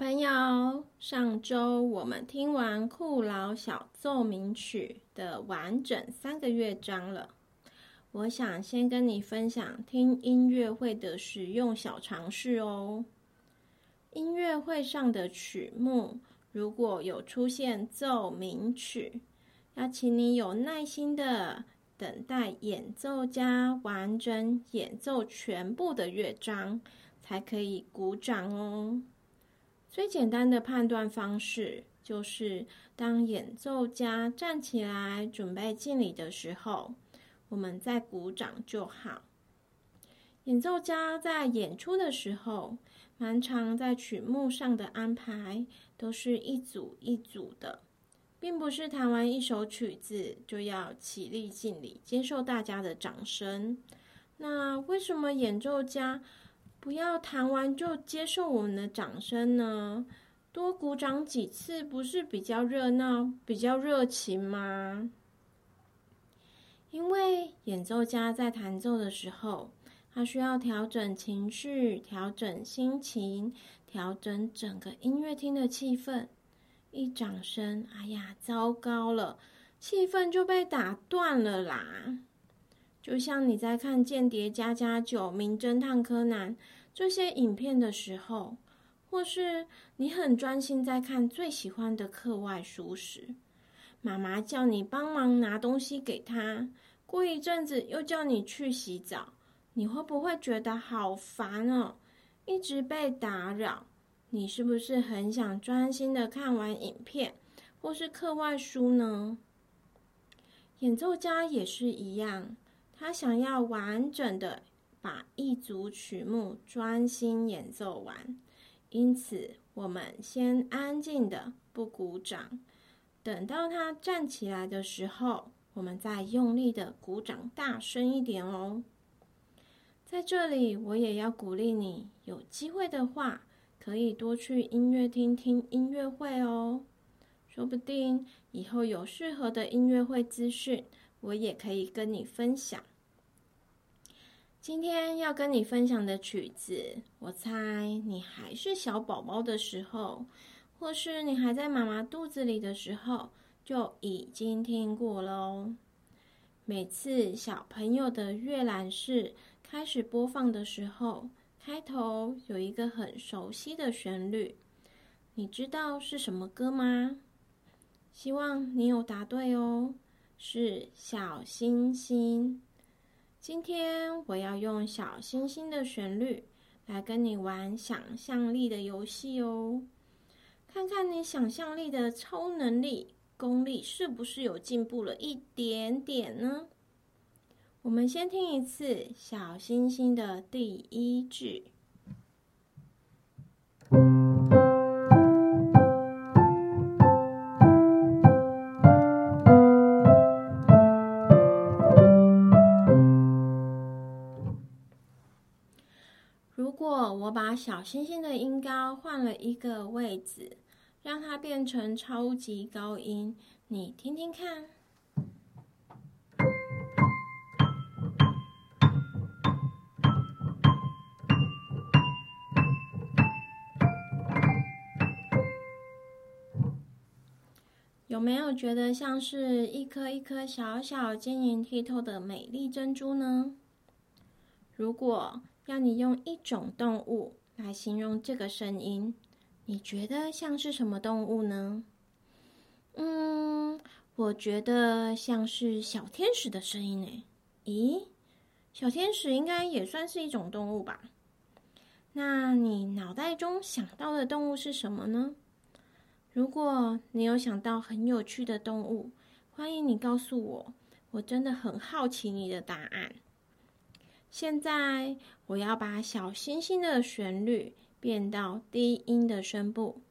朋友，上周我們聽完庫勞小奏鳴曲的完整三個樂章了。我想先跟你分享聽音樂會的實用小常識哦。音樂會上的曲目如果有出現奏鳴曲，要請你有耐心的等待演奏家完整演奏全部的樂章，才可以鼓掌哦。最簡單的判斷方式就是，當演奏家站起來準備敬禮的時候，我們再鼓掌就好。演奏家在演出的時候，蠻常在曲目上的安排都是一組一組的，並不是彈完一首曲子就要起立敬禮，接受大家的掌聲。那為什麼演奏家，不要彈完就接受我們的掌聲呢，多鼓掌幾次，不是比較熱鬧、比較熱情嗎？因為演奏家在彈奏的時候，他需要調整情緒、調整心情、調整整個音樂廳的氣氛。一掌聲，哎呀，糟糕了，氣氛就被打斷了啦。就像你在看《間諜家家酒》《名偵探柯南》這些影片的時候，或是你很專心在看最喜歡的課外書時，媽媽叫你幫忙拿東西給她，過一陣子又叫你去洗澡，你會不會覺得好煩哦？一直被打擾，你是不是很想專心的看完影片或是課外書呢？演奏家也是一樣。他想要完整的把一組曲目專心演奏完，因此我們先安靜的不鼓掌，等到他站起來的時候，我們再用力的鼓掌大聲一點哦。在這裡，我也要鼓勵你，有機會的話，可以多去音樂廳聽音樂會哦。說不定以後有適合的音樂會資訊，我也可以跟你分享。今天要跟你分享的曲子，我猜你還是小寶寶的時候，或是你還在媽媽肚子裡的時候，就已經聽過嘍。每次小朋友的閱覽室開始播放的時候，開頭有一個很熟悉的旋律，你知道是什麼歌嗎？希望你有答對哦，是小星星。今天我要用小星星的旋律來跟你玩想象力的遊戲哦，看看你想象力的超能力、功力是不是有進步了一點點呢？我們先聽一次小星星的第一句。如果我把小星星的音高換了一個位置，讓它變成超級高音，你聽聽看，有沒有覺得像是一顆一顆小小晶瑩剔透的美麗珍珠呢？如果。要你用一種動物來形容這個聲音，你覺得像是什麼動物呢？嗯，我覺得像是小天使的聲音呢。咦，小天使應該也算是一種動物吧？那你腦袋中想到的動物是什麼呢？如果你有想到很有趣的動物，歡迎你告訴我，我真的很好奇你的答案。現在我要把小星星的旋律變到低音的聲部，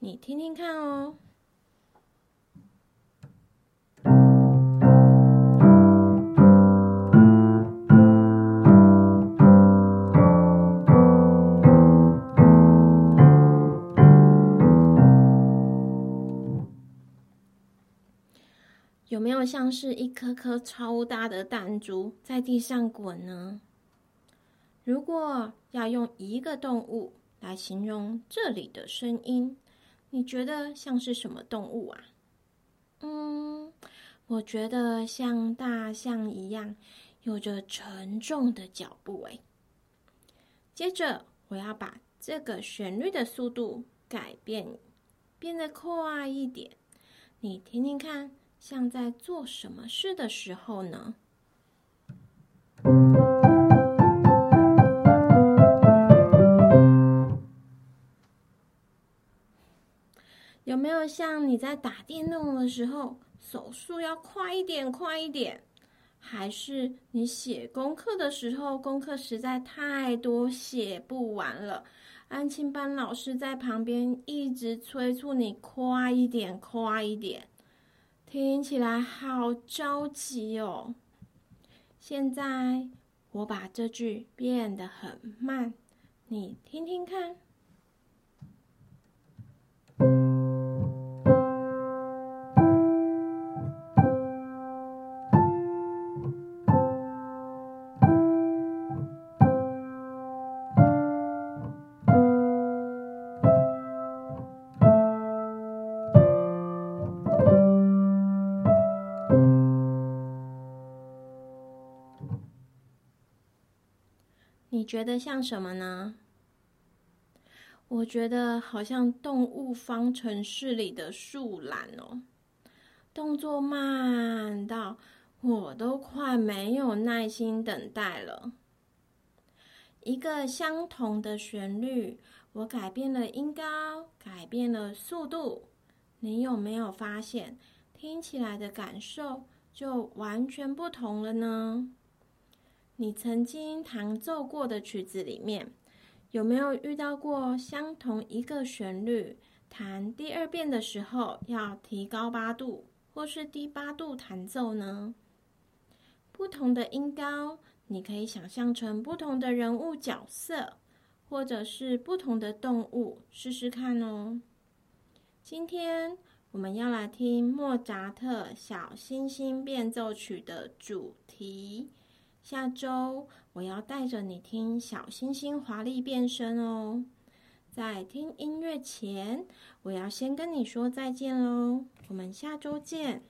你聽聽看哦。有沒有像是一顆顆超大的彈珠在地上滾呢？如果要用一個動物來形容這裡的聲音，你覺得像是什麼動物啊？嗯，我覺得像大象一樣，有着沉重的腳步。哎，接着我要把這個旋律的速度改變，變得快一點，你聽聽看，像在做什麼事的時候呢？有沒有像你在打電動的時候，手速要快一點，快一點？還是你寫功課的時候，功課實在太多，寫不完了，安親班老師在旁邊一直催促你快一點，快一點，聽起來好着急哦。現在我把這句變得很慢，你聽聽看。你覺得像什麼呢？我覺得好像動物方程式裡的樹懶哦，動作慢到我都快沒有耐心等待了。一個相同的旋律，我改變了音高，改變了速度，你有沒有發現聽起來的感受就完全不同了呢？你曾經彈奏過的曲子裡面，有沒有遇到過相同一個旋律，彈第二遍的時候要提高八度或是低八度彈奏呢？不同的音高，你可以想象成不同的人物角色，或者是不同的動物，試試看哦。今天我們要來聽莫扎特《小星星變奏曲》的主題。下週我要帶着你聽小星星華麗變身哦，在聽音樂前，我要先跟你說再見哦。我們下週見。